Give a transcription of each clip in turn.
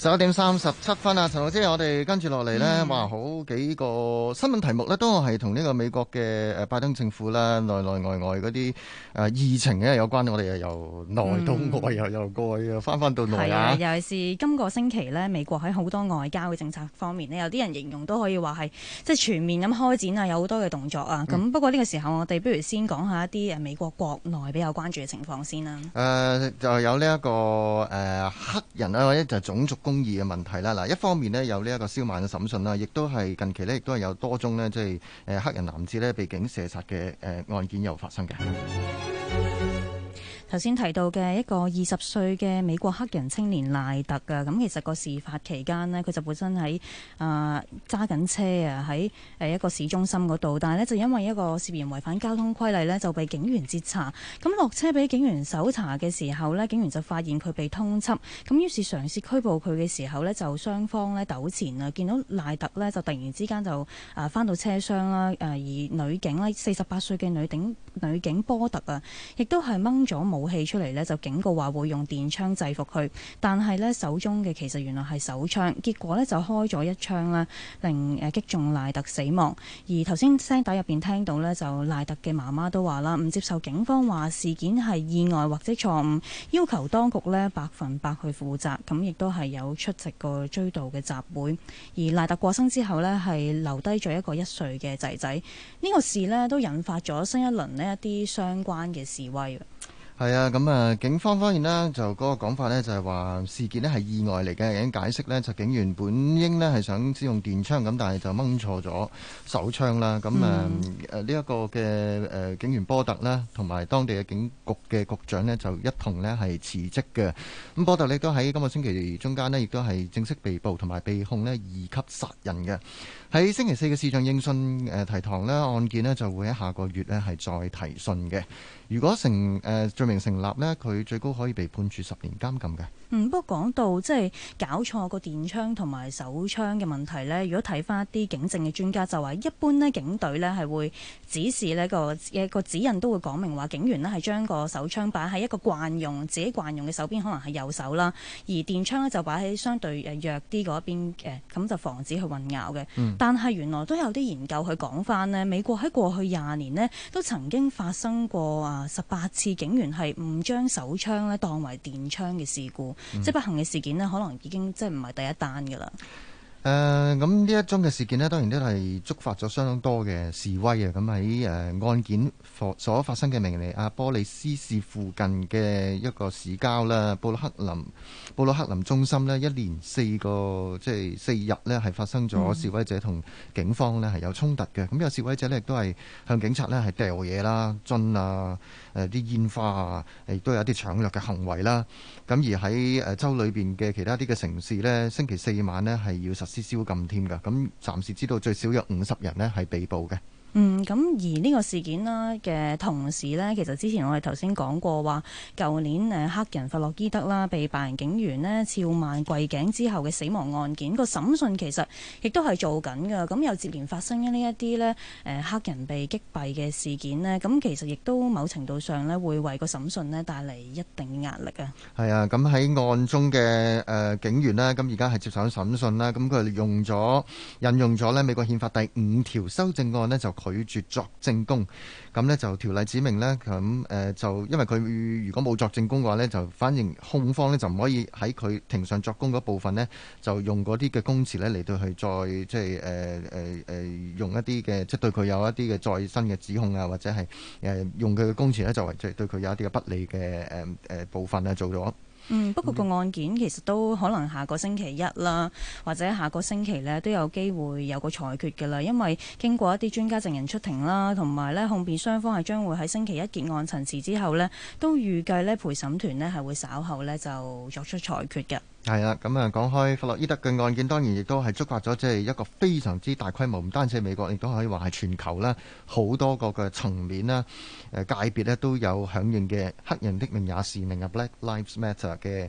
十一點三十七分啊，陳老師，我哋跟住落嚟呢話好幾個新聞題目呢都係同呢個美國嘅誒、呃、拜登政府啦，內內外外嗰啲誒疫情呢有關。我哋由內到，、嗯、到外，又由外啊，翻翻到內啊，係啊，尤其是今個星期呢，美國喺好多外交嘅政策方面呢，有啲人形容都可以話係即係全面咁開展啊，有好多嘅動作啊。咁、嗯、不過呢個時候，我哋不如先講一下一啲誒美國國內比較關注嘅情況先啦。誒、呃，就有呢、這、一個誒、呃、黑人啊，或、呃、者就係、種族。公義嘅問題啦，嗱，一方面呢有呢一個蕭萬嘅審訊啦，亦都係近期呢，亦都係有多宗呢，即係誒黑人男子呢被警射殺嘅誒案件又發生嘅。頭先提到嘅一個二十歲嘅美國黑人青年賴特啊，咁其實個事發期間呢，佢就本身喺啊揸緊車啊喺誒一個市中心嗰度，但係呢，就因為一個涉嫌違反交通規例呢，就被警員截查，咁落車俾警員搜查嘅時候呢，警員就發現佢被通緝，咁於是嘗試拘捕佢嘅時候呢，就雙方呢糾纏啊，見到賴特呢，就突然之間就啊翻到車廂啦，誒而女警呢，四十八歲嘅女警女警波特啊，亦都係掹咗武器出嚟呢，就警告話會用電槍制服佢，但係呢，手中嘅其實原來係手槍，結果呢就開咗一槍呢，令誒呃擊中賴特死亡。而頭先聲帶入邊聽到呢，就賴特嘅媽媽都話啦，唔接受警方話事件係意外或者錯誤，要求當局呢百分百去負責。咁亦都係有出席過追悼嘅集會。而賴特過身之後呢，係留低咗一個一歲嘅仔仔。呢個事呢都引發咗新一輪呢一啲相關嘅示威。係啊，咁啊，警方方面呢就嗰個講法呢，就係話事件呢係意外嚟嘅，已經解釋呢，就警員本應呢係想使用電槍咁，但係就掹錯咗手槍啦。咁啊，呢、嗯、一、呃這個嘅誒、呃、警員波特啦，同埋當地嘅警局嘅局長呢，就一同呢係辭職嘅。咁波特呢都喺今個星期中間呢亦都係正式被捕同埋被控呢二級殺人嘅。喺星期四嘅視像應訊提堂呢，案件呢就會喺下個月呢係再提訊嘅。如果成誒罪、呃、名成立咧，佢最高可以被判處十年監禁嘅。嗯，不過講到即係、就是、搞錯個電槍同埋手槍嘅問題呢，如果睇翻啲警政嘅專家就話，一般呢警隊呢係會指示呢、嗰個嘅、嗰個指引都會講明話，警員呢係將個手槍擺喺一個慣用自己慣用嘅手邊，可能係右手啦，而電槍呢就擺喺相對弱啲嗰邊嘅，咁就防止佢混淆嘅。嗯。但係原來都有啲研究去講翻呢，美國喺過去廿年呢都曾經發生過啊。十八次警員係唔將手槍咧當為電槍嘅事故，嗯、即係不幸嘅事件咧，可能已經即係唔係第一單噶啦。誒咁呢一宗嘅事件呢，當然都係觸發咗相當多嘅示威啊。咁喺誒案件所發生嘅明尼阿波利斯市附近嘅一個市郊啦，布魯克林、布魯克林中心呢，一連四個即係四日呢，係發生咗，嗯、示威者同警方呢係有衝突嘅。咁有示威者呢，亦都係向警察呢係掉嘢啦，樽啊，誒啲煙花啊，亦都有一啲搶掠嘅行為啦。咁而喺誒州裏邊嘅其他啲嘅城市呢，星期四晚呢，係要施宵禁添噶，咁暫時知道最少有五十人呢係被捕嘅。嗯，咁而呢個事件啦嘅同時呢，其實之前我哋頭先講過話，舊年黑人弗洛伊德啦，被白人警員呢，超慢跪頸之後嘅死亡案件，個審訊其實亦都係做緊㗎。咁又接連發生嘅呢一啲呢，黑人被擊斃嘅事件呢，咁其實亦都某程度上呢會為個審訊呢帶嚟一定壓力啊。係啊，咁喺案中嘅警員呢，咁而家係接受咗審訊啦。咁佢係用咗引用咗呢美國憲法第五條修正案呢。就。拒絕作證供，咁呢就條例指明呢，咁誒、呃，就因為佢如果冇作證供嘅話呢，就反而控方呢就唔可以喺佢庭上作供嗰部分呢，就用嗰啲嘅供詞呢嚟到去再即係誒誒誒用一啲嘅即係對佢有一啲嘅再新嘅指控啊，或者係誒、呃、用佢嘅供詞呢，作為即係對佢有一啲嘅不利嘅誒誒部分呢，做咗。嗯，不過個案件其實都可能下個星期一啦，或者下個星期呢都有機會有個裁決㗎啦，因為經過一啲專家證人出庭啦，同埋呢控辯雙方係將會喺星期一結案陳詞之後呢都預計呢陪審團呢係會稍後呢就作出裁決嘅。係啦，咁啊，講開弗洛伊德嘅案件，當然亦都係觸發咗即係一個非常之大規模，唔單止係美國，亦都可以話係全球啦，好多個嘅層面啦，誒界別呢都有響應嘅。黑人的命也是命，Black Lives Matter 嘅。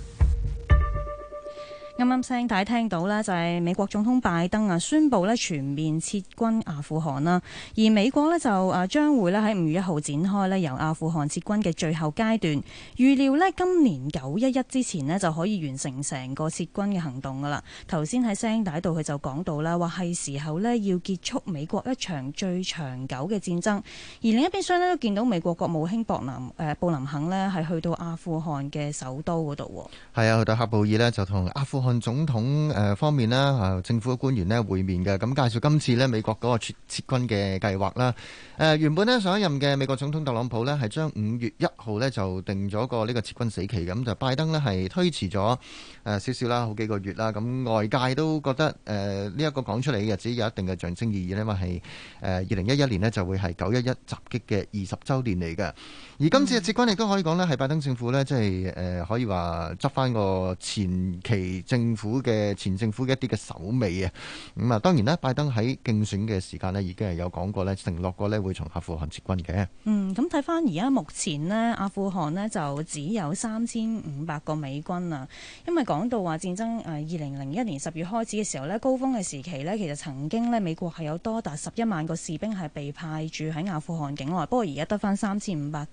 啱啱聲帶聽到咧，就係美國總統拜登啊，宣布咧全面撤軍阿富汗啦。而美國咧就誒將會咧喺五月一號展開咧由阿富汗撤軍嘅最後階段，預料咧今年九一一之前咧就可以完成成個撤軍嘅行動噶啦。頭先喺聲帶度佢就講到啦，話係時候咧要結束美國一場最長久嘅戰爭。而另一邊廂咧都見到美國國務卿博林，誒布林肯咧係去到阿富汗嘅首都嗰度。係啊，去到喀布爾呢，就同阿富汗。總統誒方面啦，啊政府嘅官員呢會面嘅，咁介紹今次呢美國嗰個撤軍嘅計劃啦。誒，原本呢上一任嘅美國總統特朗普咧係將五月一號咧就定咗個呢個撤軍死期，咁就拜登咧係推遲咗誒少少啦，好幾個月啦。咁外界都覺得誒呢一個講出嚟嘅日子有一定嘅象徵意義咧，嘛係誒二零一一年咧就會係九一一襲擊嘅二十週年嚟嘅。而今次嘅撤軍亦都可以講咧係拜登政府咧即係誒可以話執翻個前期政。政府嘅前政府嘅一啲嘅手尾啊，咁、嗯、啊，當然啦，拜登喺競選嘅時間咧，已經係有講過咧，承諾過咧會從阿富汗撤軍嘅。嗯，咁睇翻而家目前咧，阿富汗咧就只有三千五百個美軍啊，因為講到話戰爭誒二零零一年十月開始嘅時候咧，高峰嘅時期咧，其實曾經咧美國係有多達十一萬個士兵係被派駐喺阿富汗境外，不過而家得翻三千五百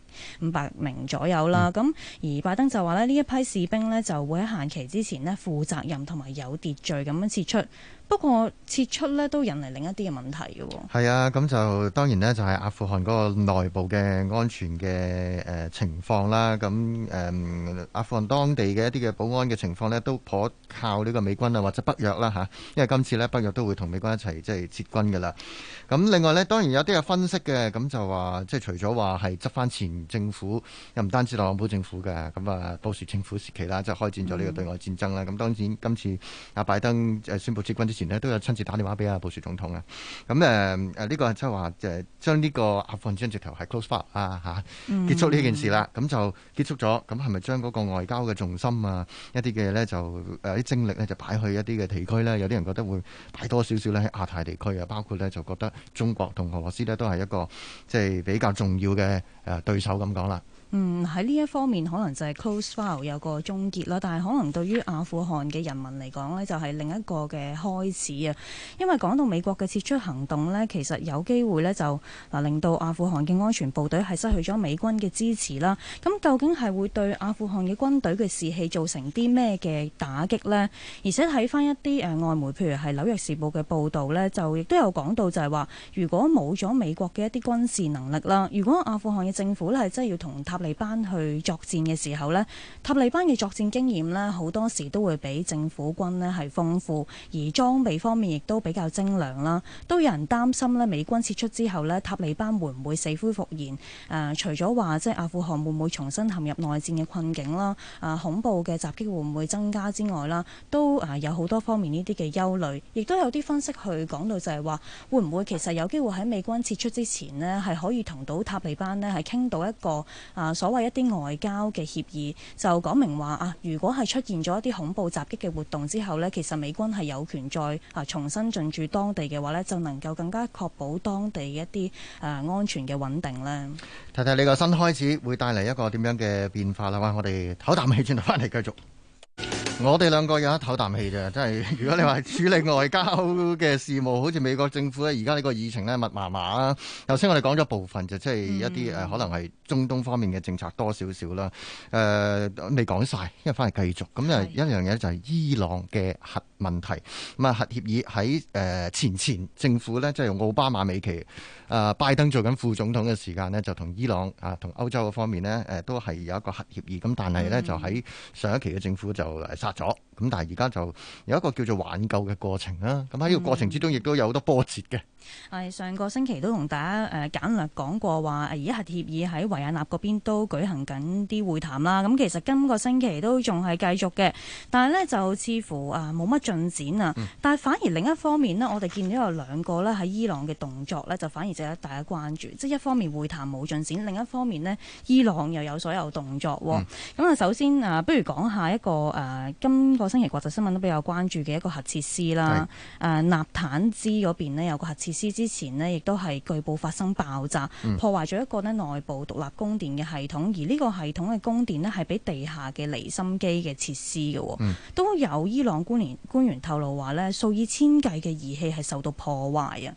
五百名左右啦。咁、嗯、而拜登就話咧，呢一批士兵咧就會喺限期之前咧負責。責任同埋有秩序咁樣撤出。不過撤出咧都引嚟另一啲嘅問題嘅、哦。係啊，咁就當然呢，就係、是、阿富汗嗰個內部嘅安全嘅誒、呃、情況啦。咁誒、嗯、阿富汗當地嘅一啲嘅保安嘅情況呢，都頗靠呢個美軍啊或者北約啦吓、啊，因為今次呢，北約都會同美軍一齊即係撤軍噶啦。咁另外呢，當然有啲嘅分析嘅，咁就話即係除咗話係執翻前政府，又唔單止特朗普政府嘅，咁啊到時政府時期啦，即、就、係、是、開展咗呢個對外戰爭啦。咁、嗯、當然今次阿、啊、拜登宣布撤軍之前咧都有親自打電話俾阿布殊總統啊，咁誒誒呢個即係話誒將呢個阿富汗直頭係 close up 啊嚇，結束呢件事啦，咁、嗯、就結束咗，咁係咪將嗰個外交嘅重心啊一啲嘅咧就誒啲、啊、精力咧就擺去一啲嘅地區咧？有啲人覺得會擺多少少咧喺亞太地區啊，包括咧就覺得中國同俄羅斯咧都係一個即係、就是、比較重要嘅誒對手咁講啦。嗯，喺呢一方面可能就係 close file 有個終結啦，但係可能對於阿富汗嘅人民嚟講咧，就係另一個嘅開始啊。因為講到美國嘅撤出行動咧，其實有機會咧就嗱令到阿富汗嘅安全部隊係失去咗美軍嘅支持啦。咁究竟係會對阿富汗嘅軍隊嘅士氣造成啲咩嘅打擊咧？而且睇翻一啲誒外媒，譬如係紐約時報嘅報道咧，就亦都有講到就係話如果冇咗美國嘅一啲軍事能力啦，如果阿富汗嘅政府咧係真係要同塔利班去作戰嘅時候呢，塔利班嘅作戰經驗呢，好多時都會比政府軍呢係豐富，而裝備方面亦都比較精良啦。都有人擔心呢，美軍撤出之後呢，塔利班會唔會死灰復燃？誒、啊，除咗話即係阿富汗會唔會重新陷入內戰嘅困境啦，啊，恐怖嘅襲擊會唔會增加之外啦，都誒有好多方面呢啲嘅憂慮，亦都有啲分析去講到就係話，會唔會其實有機會喺美軍撤出之前呢，係可以同到塔利班呢係傾到一個啊，所謂一啲外交嘅協議就講明話啊，如果係出現咗一啲恐怖襲擊嘅活動之後呢，其實美軍係有權再啊重新進駐當地嘅話呢，就能夠更加確保當地一啲啊安全嘅穩定咧。睇睇你個新開始會帶嚟一個點樣嘅變化啦！哇，我哋唞啖氣，轉頭翻嚟繼續。我哋兩個有得一唞啖氣啫，真係如果你話處理外交嘅事務， 好似美國政府咧，而家呢個議程咧密麻麻啦。頭先我哋講咗部分就即係一啲誒可能係中東方面嘅政策多少少啦，誒未講晒，因為翻嚟繼續。咁誒，一樣嘢就係伊朗嘅核。問題。咁啊，核協議喺誒前前政府呢，即係用奧巴馬尾期，誒拜登做緊副總統嘅時間呢就同伊朗啊同歐洲嘅方面呢誒都係有一個核協議咁，但係呢，就喺上一期嘅政府就殺咗，咁、嗯、但係而家就有一個叫做挽救嘅過程啦。咁喺呢個過程之中，亦都有好多波折嘅、嗯。係上個星期都同大家誒簡略講過話，而家核協議喺維也納嗰邊都舉行緊啲會談啦。咁其實今個星期都仲係繼續嘅，但係呢就似乎啊冇乜。進展啊！但係反而另一方面呢，我哋見到有兩個咧喺伊朗嘅動作咧，就反而值得大家關注。即係一方面會談冇進展，另一方面呢，伊朗又有所有動作。咁、嗯、啊，首先啊，不如講下一個誒、呃、今個星期國際新聞都比較關注嘅一個核設施啦。誒、呃、納坦茲嗰邊咧有個核設施，之前呢，亦都係據報發生爆炸，嗯、破壞咗一個呢內部獨立供電嘅系統，而呢個系統嘅供電呢，係俾地下嘅離心機嘅設施嘅、嗯。都有伊朗官唸。官員透露話咧，數以千計嘅儀器係受到破壞啊！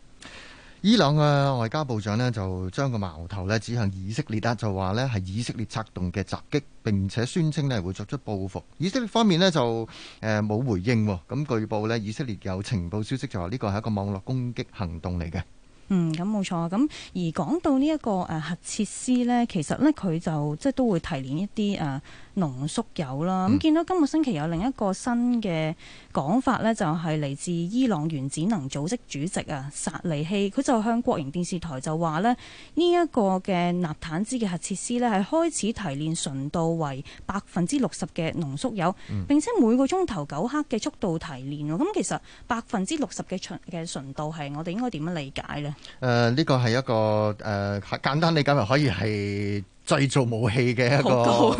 伊朗嘅外交部長咧就將個矛頭咧指向以色列，就話咧係以色列策動嘅襲擊，並且宣稱咧會作出報復。以色列方面咧就誒冇回應，咁據報咧以色列有情報消息就話呢個係一個網絡攻擊行動嚟嘅。嗯，咁冇錯。咁而講到呢一個誒核設施咧，其實咧佢就即係都會提煉一啲誒。濃縮鈾啦，咁見到今個星期有另一個新嘅講法呢、嗯，就係、是、嚟自伊朗原子能組織主席啊薩利希，佢就向國營電視台就話呢，呢、這、一個嘅納坦茲嘅核設施呢，係開始提煉純度為百分之六十嘅濃縮鈾，並且每個鐘頭九克嘅速度提煉。咁其實百分之六十嘅純嘅純度係我哋應該點樣理解呢？誒、呃，呢、這個係一個誒、呃、簡單理解，咪可以係。製造武器嘅一個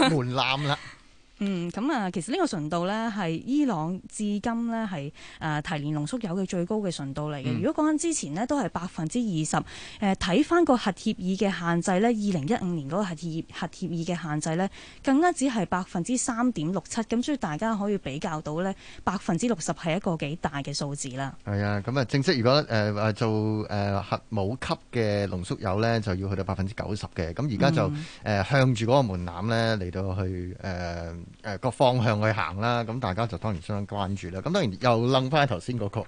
門檻啦。啊 嗯，咁啊，其實呢個純度呢，係伊朗至今呢，係誒提煉濃縮鈾嘅最高嘅純度嚟嘅，嗯。如果講緊之前呢，都係百分之二十。誒，睇返個核協議嘅限制呢，二零一五年嗰個核協核協議嘅限制呢，更加只係百分之三點六七。咁所以大家可以比較到呢，百分之六十係一個幾大嘅數字啦。係啊，咁啊，正式如果誒做誒核武級嘅濃縮鈾呢，就要去到百分之九十嘅。咁而家就誒向住嗰個門檻呢嚟到去誒。嗯呃誒個方向去行啦，咁大家就當然相關注啦。咁當然又諗返頭先嗰個，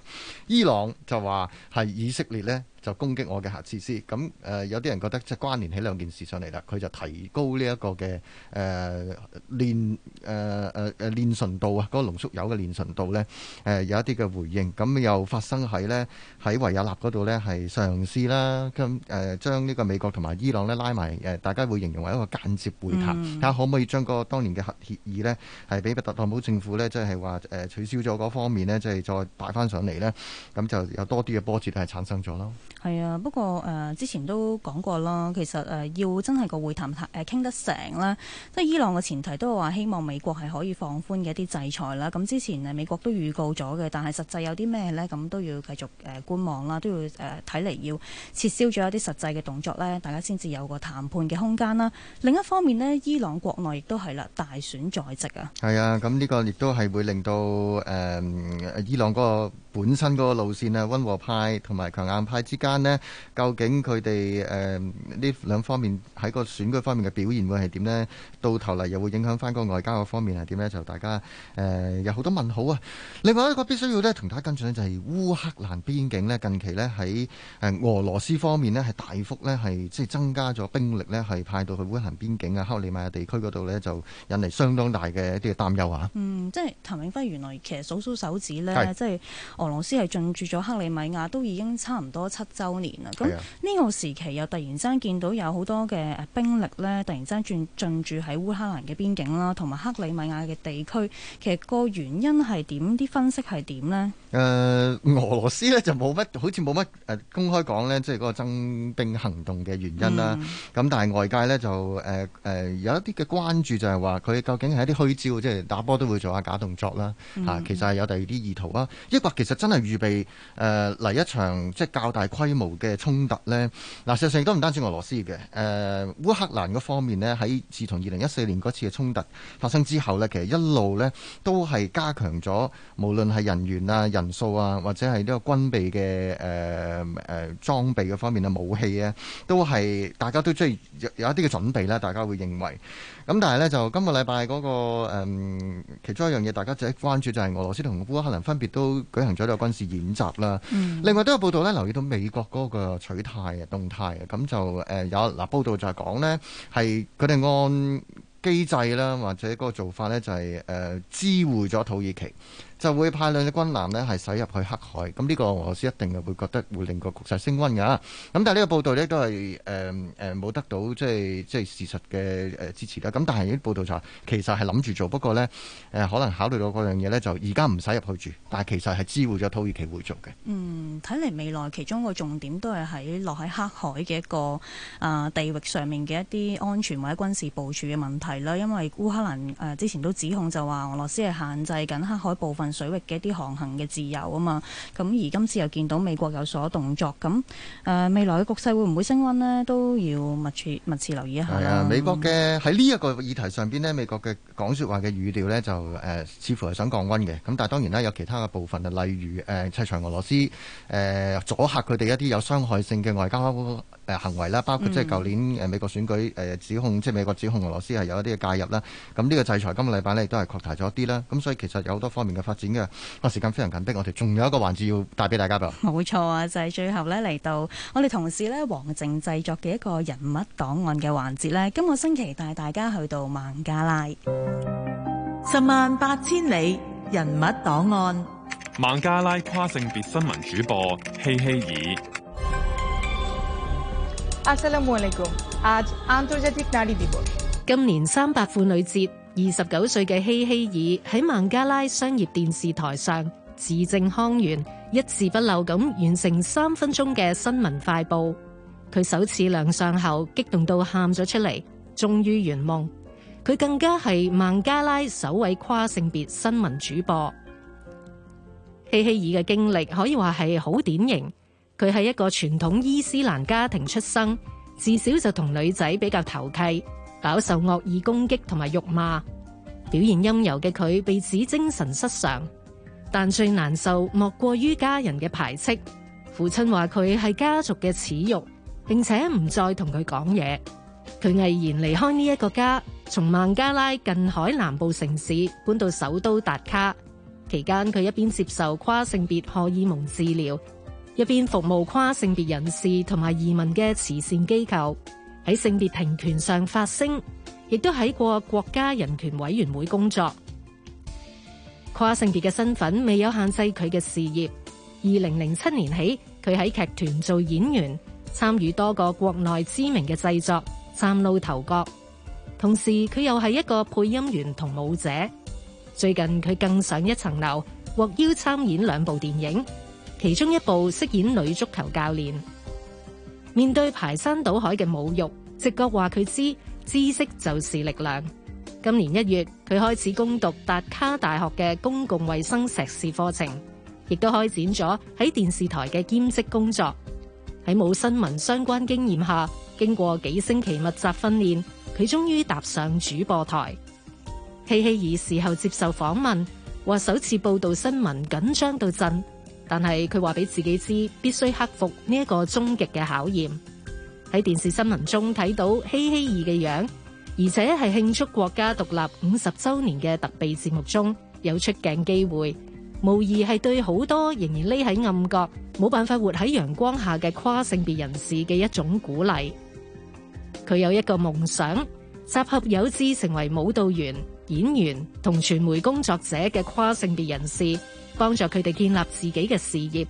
伊朗就話係以色列咧。就攻擊我嘅核設施，咁誒、呃、有啲人覺得即係關聯起兩件事上嚟啦。佢就提高呢一個嘅誒、呃、煉誒誒誒煉純度啊，嗰、那個濃縮鈾嘅煉純度呢，誒、呃、有一啲嘅回應。咁又發生喺呢，喺維也納嗰度呢，係嘗試啦，咁、呃、誒將呢個美國同埋伊朗呢，拉埋誒，大家會形容為一個間接會談，睇、嗯、下可唔可以將個當年嘅核協議呢，係俾特朗普政府呢，即係話誒取消咗嗰方面呢，即、就、係、是、再擺翻上嚟呢，咁就有多啲嘅波折係產生咗咯。係啊，不過誒、呃、之前都講過啦，其實誒、呃、要真係個會談誒傾得成啦。即係伊朗嘅前提都話希望美國係可以放寬嘅一啲制裁啦。咁之前誒美國都預告咗嘅，但係實際有啲咩呢？咁都要繼續誒觀望啦，都要誒睇嚟要撤銷咗一啲實際嘅動作呢。大家先至有個談判嘅空間啦。另一方面呢，伊朗國內亦都係啦，大選在即啊。係啊，咁呢個亦都係會令到誒、嗯、伊朗個本身嗰個路線啊，温和派同埋強硬派之間。咧，究竟佢哋誒呢兩方面喺個選舉方面嘅表現會係點呢？到頭嚟又會影響返個外交方面係點呢？就大家誒、呃、有好多問號啊！另外一個必須要咧同大家跟進呢，就係、是、烏克蘭邊境呢。近期呢，喺誒俄羅斯方面呢，係大幅呢，係即係增加咗兵力呢，係派到去烏克蘭邊境啊、克里米亞地區嗰度呢，就引嚟相當大嘅一啲嘅擔憂啊！嗯，即係譚永輝原來其實數數手指呢，即係俄羅斯係進駐咗克里米亞都已經差唔多七周年啊，咁呢個時期又突然之間見到有好多嘅兵力咧，突然之間轉進駐喺烏克蘭嘅邊境啦，同埋克里米亞嘅地區。其實個原因係點？啲分析係點呢？誒、呃，俄羅斯呢就冇乜，好似冇乜誒公開講呢，即係嗰個增兵行動嘅原因啦。咁、嗯、但係外界呢就誒誒、呃呃、有一啲嘅關注，就係話佢究竟係一啲虛招，即、就、係、是、打波都會做下假動作啦。嚇、嗯啊，其實係有第二啲意圖啦，抑或其實真係預備誒嚟、呃、一場即係、就是、較大規模。規模嘅衝突咧，嗱事實上亦都唔單止俄羅斯嘅，誒、呃、烏克蘭嗰方面咧，喺自從二零一四年嗰次嘅衝突發生之後咧，其實一路咧都係加強咗，無論係人員啊、人數啊，或者係呢個軍備嘅誒誒裝備嘅方面啊、武器啊，都係大家都鍾意有一啲嘅準備啦。大家會認為，咁但係咧就今個禮拜嗰個誒、嗯，其中一樣嘢大家最關注就係、是、俄羅斯同烏克蘭分別都舉行咗呢個軍事演習啦、嗯。另外都有報道咧，留意到美。各國嘅取態啊動態啊，咁就有嗱報道就係講呢，係佢哋按機制啦，或者個做法呢、就是，就係誒支援咗土耳其。就會派兩隻軍艦呢，係駛入去黑海，咁呢個俄羅斯一定係會覺得會令個局勢升溫㗎。咁但係呢個報道呢，都係呃、呃、冇得到即係即係事實嘅、呃、支持啦。咁但係啲報道就話其實係諗住做，不過呢，呃、可能考慮到嗰樣嘢呢，就而家唔使入去住，但係其實係支援咗土耳其回族嘅。嗯，睇嚟未來其中個重點都係喺落喺黑海嘅一個啊、呃、地域上面嘅一啲安全或者軍事部署嘅問題啦。因為烏克蘭、呃、之前都指控就話俄羅斯係限制緊黑海部分。水域嘅一啲航行嘅自由啊嘛，咁而今次又見到美國有所動作，咁、呃、誒未來嘅局勢會唔會升溫呢？都要密切密切留意一下啦、啊。美國嘅喺呢一個議題上邊呢，美國嘅講說話嘅語調呢，就、呃、誒似乎係想降溫嘅。咁但係當然啦，有其他嘅部分啊，例如誒制裁俄羅斯，誒、呃、阻嚇佢哋一啲有傷害性嘅外交。誒行為啦，包括即係舊年誒美國選舉誒指控，即係美國指控俄羅斯係有一啲嘅介入啦。咁呢個制裁今個禮拜呢亦都係擴大咗啲啦。咁所以其實有好多方面嘅發展嘅。個時間非常緊迫，我哋仲有一個環節要帶俾大家㗎。冇錯啊，就係最後呢嚟到我哋同事呢王靖製作嘅一個人物檔案嘅環節呢今個星期帶大家去到孟加拉，十萬八千里人物檔案。孟加拉跨性別新聞主播希希爾。今年三八婦女節，二十九歲嘅希希爾喺孟加拉商業電視台上字正腔圓，一字不漏咁完成三分鐘嘅新聞快報。佢首次亮相後激動到喊咗出嚟，終於圓夢。佢更加係孟加拉首位跨性別新聞主播。希希爾嘅經歷可以話係好典型。佢係一個傳統伊斯蘭家庭出生，自小就同女仔比較投契，飽受惡意攻擊同埋辱罵。表現陰柔嘅佢被指精神失常，但最難受莫過於家人嘅排斥。父親話佢係家族嘅恥辱，並且唔再同佢講嘢。佢毅然離開呢一個家，從孟加拉近海南部城市搬到首都達卡。期間佢一邊接受跨性別荷爾蒙治療。入邊服務跨性別人士同埋移民嘅慈善機構，喺性別平權上發聲，亦都喺過國家人權委員會工作。跨性別嘅身份未有限制佢嘅事業。二零零七年起，佢喺劇團做演員，參與多個國內知名嘅製作，嶄露頭角。同時佢又係一個配音員同舞者。最近佢更上一層樓，獲邀參演兩部電影。其中一部飾演女足球教練，面對排山倒海嘅侮辱，直覺話佢知知識就是力量。今年一月，佢開始攻讀達卡大學嘅公共衛生碩士課程，亦都開展咗喺電視台嘅兼職工作。喺冇新聞相關經驗下，經過幾星期密集訓練，佢終於踏上主播台。希希爾事後接受訪問，話首次報道新聞緊張到震。但係佢話俾自己知，必須克服呢一個終極嘅考驗。喺電視新聞中睇到希希爾嘅樣，而且係慶祝國家獨立五十周年嘅特備節目中有出鏡機會，無疑係對好多仍然匿喺暗角、冇辦法活喺陽光下嘅跨性別人士嘅一種鼓勵。佢有一個夢想，集合有志成為舞蹈員、演員同傳媒工作者嘅跨性別人士。幫助佢哋建立自己嘅事業，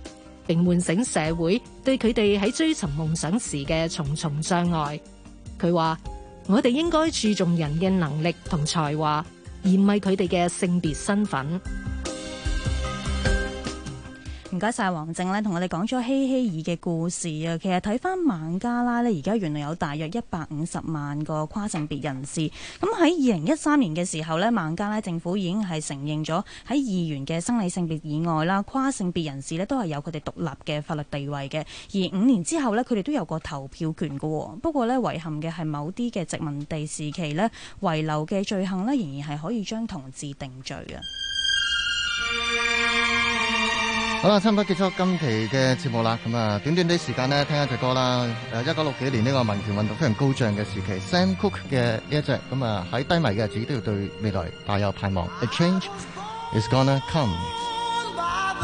並喚醒社會對佢哋喺追尋夢想時嘅重重障礙。佢話：我哋應該注重人嘅能力同才華，而唔係佢哋嘅性別身份。唔該晒，王靖呢，同我哋講咗希希爾嘅故事啊。其實睇翻孟加拉呢，而家原來有大約一百五十萬個跨性別人士。咁喺二零一三年嘅時候呢，孟加拉政府已經係承認咗喺議員嘅生理性別以外啦，跨性別人士呢都係有佢哋獨立嘅法律地位嘅。而五年之後呢，佢哋都有個投票權嘅。不過呢，遺憾嘅係某啲嘅殖民地時期呢，遺留嘅罪行呢仍然係可以將同志定罪嘅。好啦，差唔多結束今期嘅節目啦。咁啊，短短啲時間咧，聽一隻歌啦。誒，一九六幾年呢個民權運動非常高漲嘅時期，Sam Cooke 嘅呢一隻咁啊，喺低迷嘅，日子都要對未來大有盼望。A change is gonna come。